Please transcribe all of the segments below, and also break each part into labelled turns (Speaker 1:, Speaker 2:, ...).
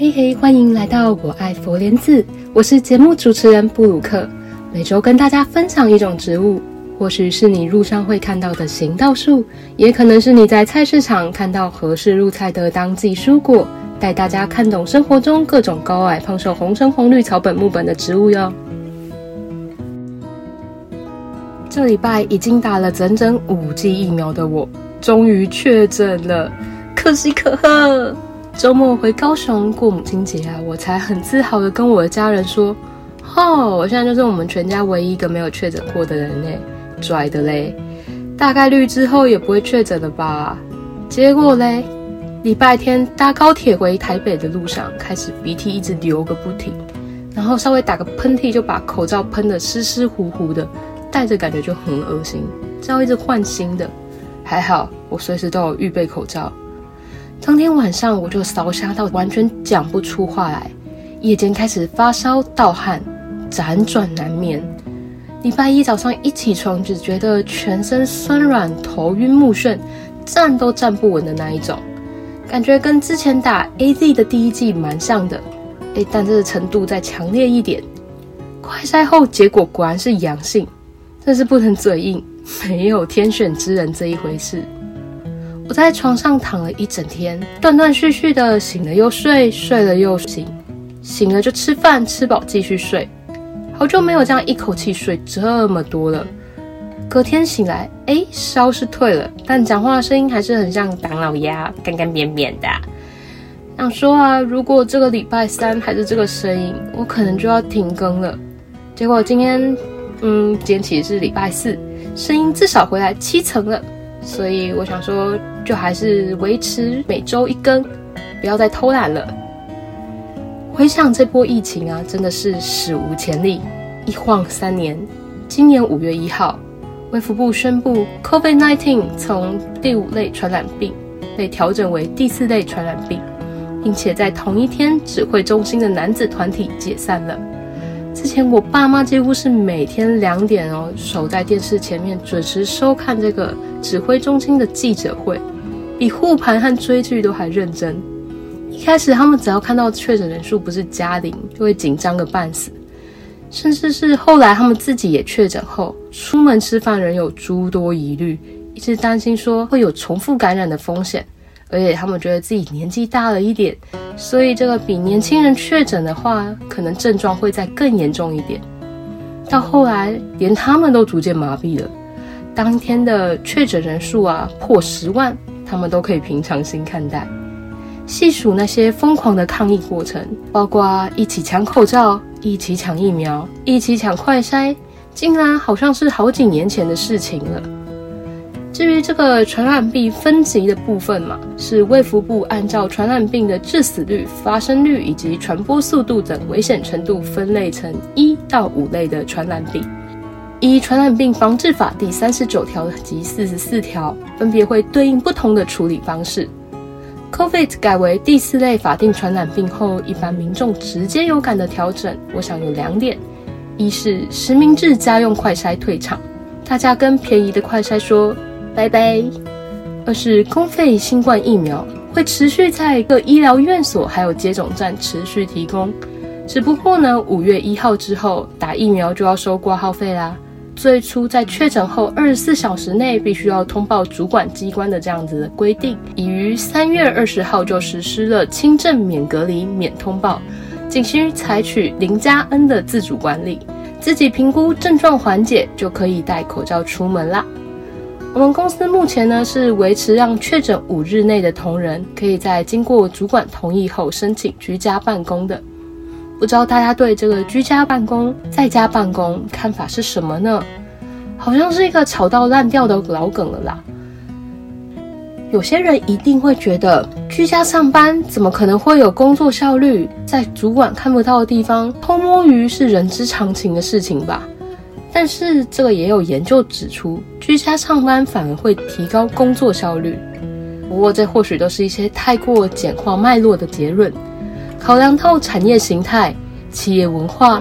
Speaker 1: 嘿嘿，歡迎來到我愛佛蓮子，我是節目主持人布魯克，每周跟大家分享一種植物，或許是你路上會看到的行道樹，也可能是你在菜市場看到合適入菜的當季蔬果，帶大家看懂生活中各種高矮胖瘦、紅橙黃綠草本木本的植物喲。這禮拜已經打了整整五劑疫苗的我，終於確診了，可喜可賀。週末回高雄過母親節啊，我才很自豪的跟我的家人說，哦，我現在就是我們全家唯一一個沒有確診過的人嘞、欸，拽的嘞，大概率之後也不會確診了吧、啊。結果嘞，禮拜天搭高鐵回台北的路上，開始鼻涕一直流個不停，然後稍微打個噴嚏就把口罩噴得濕濕糊糊的，戴着感覺就很惡心，只好一直換新的。還好我隨時都有預備口罩。當天晚上我就燒瞎到完全講不出話來，夜間開始發燒盜汗，輾轉難眠。禮拜一早上一起床，只覺得全身酸軟、頭暈目眩，站都站不穩的那一種，感覺跟之前打 AZ 的第一劑蠻像的，哎，但這個程度再強烈一點。快篩後結果果然是陽性，這是不能嘴硬，沒有天選之人這一回事。我在床上躺了一整天，斷斷續續的，醒了又睡，睡了又醒，醒了就吃飯，吃飽繼續睡。好久沒有這樣一口氣睡這麼多了。隔天醒來，哎，燒是退了，但講話聲音還是很像唐老鴨，乾乾扁扁的。想說啊，如果這個禮拜三還是這個聲音，我可能就要停更了。結果今天，嗯，今天其實是禮拜四，聲音至少回來七成了。所以我想說，就還是維持每周一更，不要再偷懶了。回想這波疫情啊，真的是史無前例，一晃三年。今年五月一號，衛福部宣布，Covid nineteen 從第五類傳染病被調整為第四類傳染病，並且在同一天，指揮中心的男子團體解散了。之前我爸媽幾乎是每天兩點哦，守在電視前面準時收看這個指揮中心的記者會，比護盤和追劇都還認真。一開始他們只要看到確診人數不是加零，就會緊張個半死。甚至是後來他們自己也確診後，出門吃飯仍有諸多疑慮，一直擔心說會有重複感染的風險。而且他們覺得自己年紀大了一點，所以這個比年輕人確診的話，可能症狀會再更嚴重一點。到後來，連他們都逐漸麻痹了。當天的確診人數啊破十萬，他們都可以平常心看待。細數那些瘋狂的抗疫過程，包括一起搶口罩、一起搶疫苗、一起搶快篩，竟然好像是好幾年前的事情了。至於這個傳染病分級，的部分嘛，是衛福部按照傳染病的致死率、發生率以及傳播速度等危險程度，分類成一到五類的傳染病。依《傳染病防治法》第三十九條及四十四條，分別會對應不同的處理方式。COVID 改為第四類法定傳染病後，一般民眾直接有感的調整，我想有兩點：一是實名制家用快篩退場，大家跟便宜的快篩說拜拜。二是公費新冠疫苗會持續在各醫療院所還有接種站持續提供，只不過呢，五月一號之後打疫苗就要收掛號費啦。最初在確診後二十四小時內必須要通報主管機關的這樣子的規定，已於三月二十號就實施了輕症免隔離、免通報，僅需採取零加 N 的自主管理，自己評估症狀緩解就可以戴口罩出門啦。我們公司目前呢是維持讓確診五日內的同仁可以在經過主管同意後申請居家辦公的。不知道大家對這個居家辦公、在家辦公看法是什麼呢？好像是一個吵到爛掉的老梗了啦。有些人一定會覺得居家上班怎麼可能會有工作效率？在主管看不到的地方偷摸魚是人之常情的事情吧？但是，這個也有研究指出，居家上班反而會提高工作效率。不過，這或許都是一些太過簡化脈絡的結論。考量到產業形態、企業文化、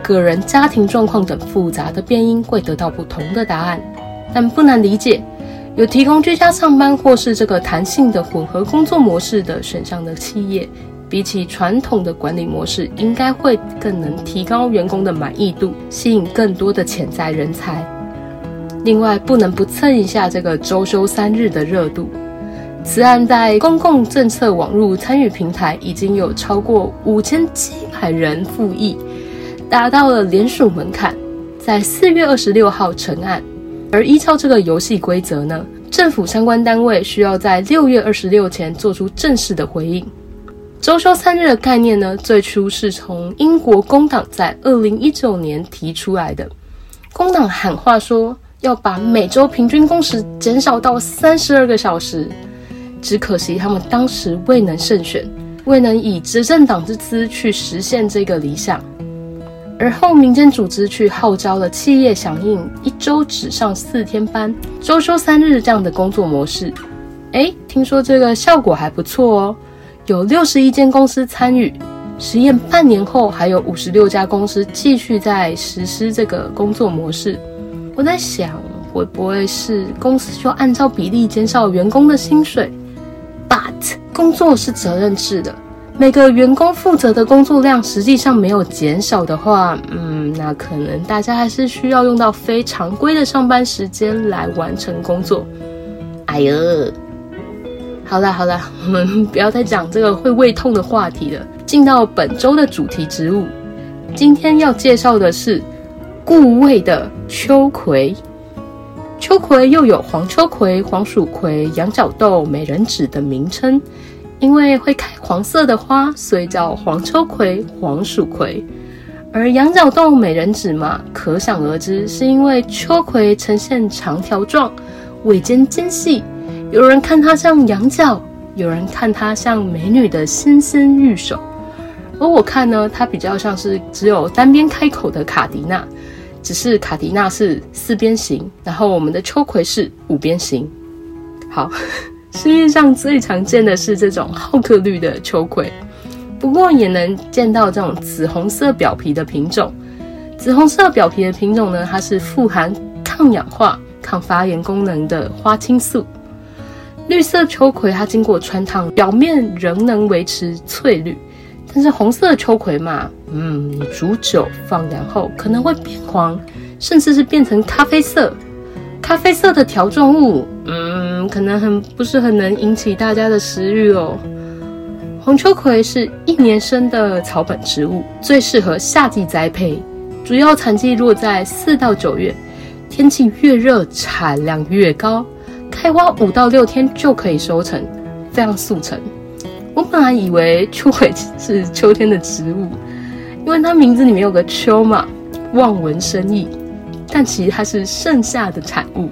Speaker 1: 個人家庭狀況等複雜的變因，會得到不同的答案。但不難理解，有提供居家上班或是這個彈性的混合工作模式的選項的企業。比起傳統的管理模式，應該會更能提高員工的滿意度，吸引更多的潛在人才。另外，不能不蹭一下這個週休三日的熱度。此案在公共政策網絡參與平台已經有超過五千七百人附議，達到了聯署門檻，在四月二十六號成案。而依照這個遊戲規則呢，政府相關單位需要在六月二十六前做出正式的回應。週休三日的概念呢，最初是從英國工黨在二零一九年提出來的。工黨喊話說要把每週平均工時減少到三十二個小時，只可惜他們當時未能勝選，未能以執政黨之姿去實現這個理想。而後民間組織去號召了企業響應一周只上四天班，週休三日這樣的工作模式。誒，聽說這個效果還不錯哦。有六十一間公司參與實驗，半年後還有五十六家公司繼續在實施這個工作模式。我在想，會不會是公司就按照比例減少員工的薪水？But 工作是責任制的，每個員工負責的工作量實際上沒有減少的話，嗯，那可能大家還是需要用到非常規的上班時間來完成工作。哎呦！好啦好啦，我們不要再講這個會胃痛的話題了。進到本周的主題植物，今天要介紹的是顧胃的秋葵。秋葵又有黃秋葵、黃蜀葵、羊角豆、美人指的名稱，因為會開黃色的花，所以叫黃秋葵、黃蜀葵。而羊角豆、美人指嘛，可想而知，是因為秋葵呈現長條狀，尾尖尖細。有人看它像羊角，有人看它像美女的纖纖玉手，而我看呢，它比較像是只有單邊開口的卡迪娜。只是卡迪娜是四邊形，然後我們的秋葵是五邊形。好，市面上最常見的是這種浩克綠的秋葵，不過也能見到這種紫紅色表皮的品種。紫紅色表皮的品種呢，它是富含抗氧化、抗發炎功能的花青素。綠色秋葵它經過川燙，表面仍能維持翠綠，但是紅色秋葵嘛，嗯，煮久放涼後可能會變黃，甚至是變成咖啡色。咖啡色的條狀物，嗯，可能很不是很能引起大家的食慾哦。紅秋葵是一年生的草本植物，最適合夏季栽培，主要產季落在四到九月，天氣越熱，產量越高。開花五到六天就可以收成，這樣速成。我本來以為秋葵是秋天的植物，因為它名字裡面有個“秋”嘛，望文生義。但其實它是盛夏的產物。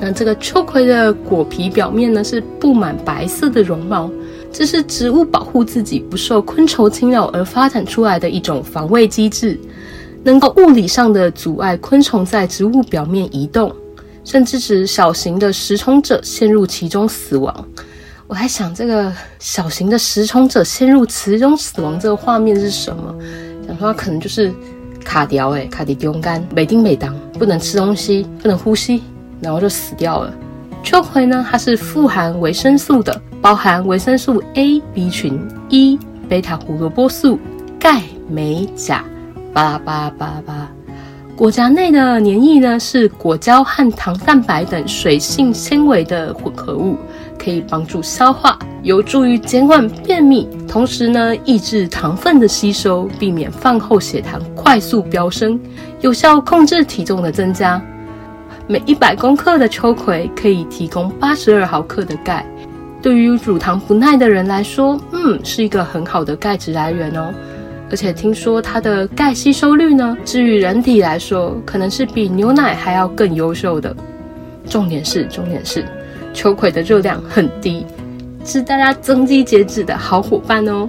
Speaker 1: 那這個秋葵的果皮表面呢，是布滿白色的絨毛，這是植物保護自己不受昆蟲侵擾而發展出來的一種防衛機制，能夠物理上的阻礙昆蟲在植物表面移動。甚至指小型的食蟲者陷入其中死亡。我還想，這個小型的食蟲者陷入其中死亡這個畫面是什麼？想說，可能就是卡掉誒、欸、卡迪丟乾，每叮每當，不能吃東西，不能呼吸，然後就死掉了。秋葵呢，它是富含維生素的，包含維生素 A、B 群、E、貝塔胡蘿蔔素、鈣、鎂、鉀，巴拉巴拉巴拉巴拉。果莢內的黏液呢，是果膠和糖蛋白等水性纖維的混合物，可以幫助消化，有助於減緩便秘，同時呢，抑制糖分的吸收，避免飯後血糖快速飆升，有效控制體重的增加。每一百公克的秋葵可以提供八十二毫克的鈣，對於乳糖不耐的人來說，嗯，是一個很好的鈣質來源哦。而且聽說它的鈣吸收率呢，至於人體來說，可能是比牛奶還要更優秀的。重點是，重點是，秋葵的熱量很低，是大家增肌減脂的好夥伴哦。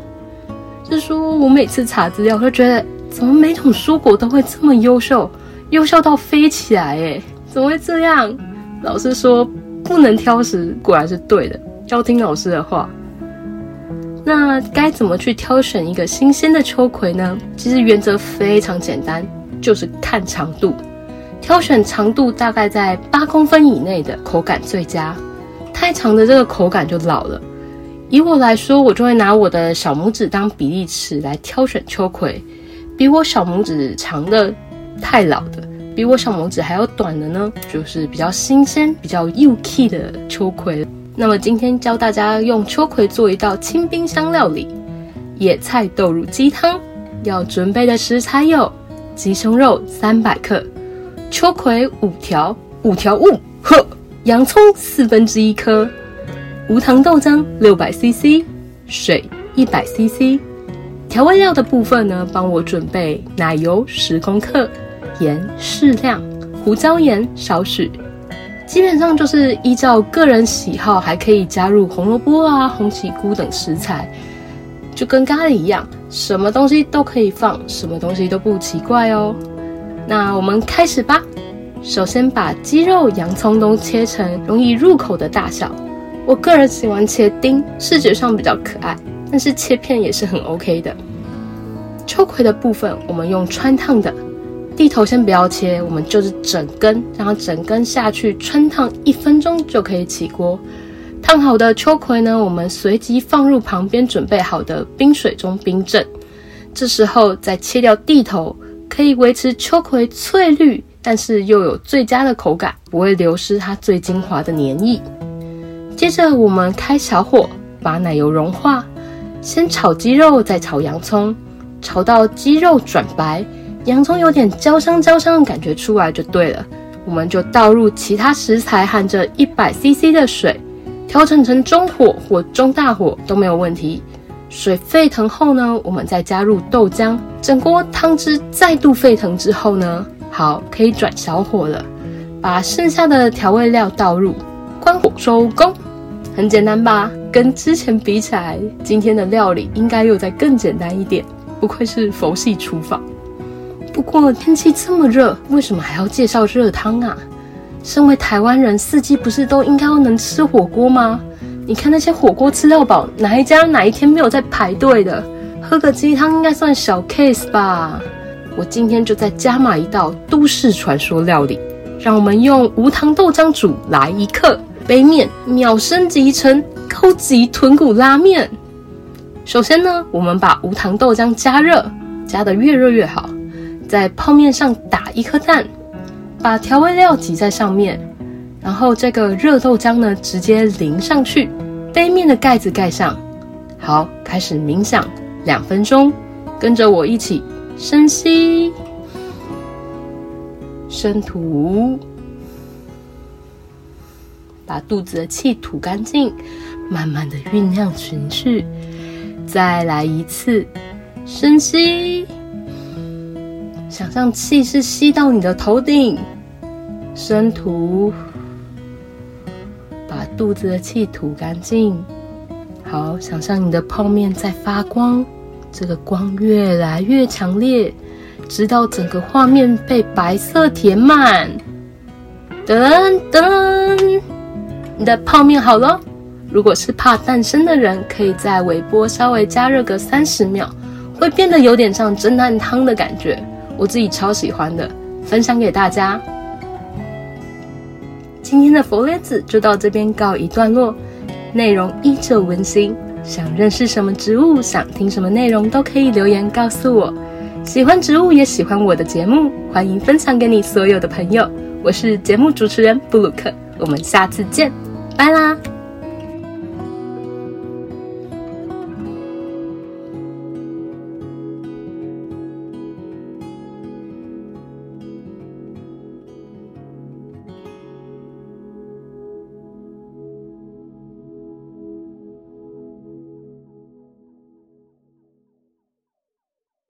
Speaker 1: 是說，我每次查資料都覺得，怎麼每種蔬果都會這麼優秀，優秀到飛起來哎、欸？怎麼會這樣？老師說不能挑食，果然是對的，要聽老師的話。那該怎麼去挑選一個新鮮的秋葵呢？其實原則非常簡單，就是看長度。挑選長度大概在八公分以內的口感最佳，太長的這個口感就老了。以我來說，我就會拿我的小拇指當比例尺來挑選秋葵，比我小拇指長的太老的，比我小拇指還要短的呢，就是比較新鮮、比較幼氣的秋葵。那麼今天教大家用秋葵做一道清冰箱料理——野菜豆乳雞湯。要準備的食材有：雞胸肉三百克，秋葵五條（五條悟，呵），洋蔥四分之一顆，無糖豆漿六百 CC，水一百 CC。調味料的部分呢，幫我準備奶油十公克，鹽適量，胡椒鹽少許。基本上就是依照個人喜好，還可以加入紅蘿蔔啊、鴻喜菇等食材，就跟咖喱一樣，什麼東西都可以放，什麼東西都不奇怪哦。那我們開始吧。首先把雞肉、洋蔥都切成容易入口的大小，我個人喜歡切丁，視覺上比較可愛，但是切片也是很 OK 的。秋葵的部分，我們用汆燙的。蒂頭先不要切，我們就是整根，然後整根下去川燙一分鐘就可以起鍋。燙好的秋葵呢，我們隨即放入旁邊準備好的冰水中冰鎮。這時候再切掉蒂頭，可以維持秋葵翠綠，但是又有最佳的口感，不會流失它最精華的粘液。接着我們開小火把奶油融化，先炒雞肉，再炒洋蔥，炒到雞肉轉白。洋蔥有點焦香焦香的感覺出來就對了，我們就倒入其他食材和這一百 CC 的水，調整成中火或中大火都沒有問題。水沸騰後呢，我們再加入豆漿，整鍋湯汁再度沸騰之後呢，好，可以轉小火了，把剩下的調味料倒入，關火收工，很簡單吧？跟之前比起來，今天的料理應該又再更簡單一點，不愧是佛系廚房。不過天氣這麼熱，為什麼還要介紹熱湯啊？身為台灣人，四季不是都應該要能吃火鍋嗎？你看那些火鍋吃到飽，哪一家哪一天沒有在排隊的？喝個雞湯應該算小 case 吧？我今天就再加碼一道都市傳說料理，讓我們用無糖豆漿煮來一客杯麵，秒升級成高級豚骨拉麵。首先呢，我們把無糖豆漿加熱，加得越熱越好。在泡麵上打一顆蛋，把調味料擠在上面，然後這個熱豆漿呢，直接淋上去，杯麵的蓋子蓋上。好，開始冥想兩分鐘，跟着我一起深吸，深吐，把肚子的氣吐乾淨，慢慢的醞釀情緒。再來一次，深吸。想象氣是吸到你的頭頂，深吐，把肚子的氣吐乾淨。好，想象你的泡麵在發光，這個光越來越強烈，直到整個畫面被白色填滿。噔噔，你的泡麵好咯。如果是怕誕生的人，可以在微波稍微加熱個三十秒，會變得有點像蒸蛋湯的感覺。我自己超喜歡的，分享給大家。今天的佛列子就到這邊告一段落，內容依舊溫馨。想認識什麼植物，想聽什麼內容，都可以留言告訴我。喜歡植物也喜歡我的節目，歡迎分享給你所有的朋友。我是節目主持人布魯克，我們下次見，拜啦。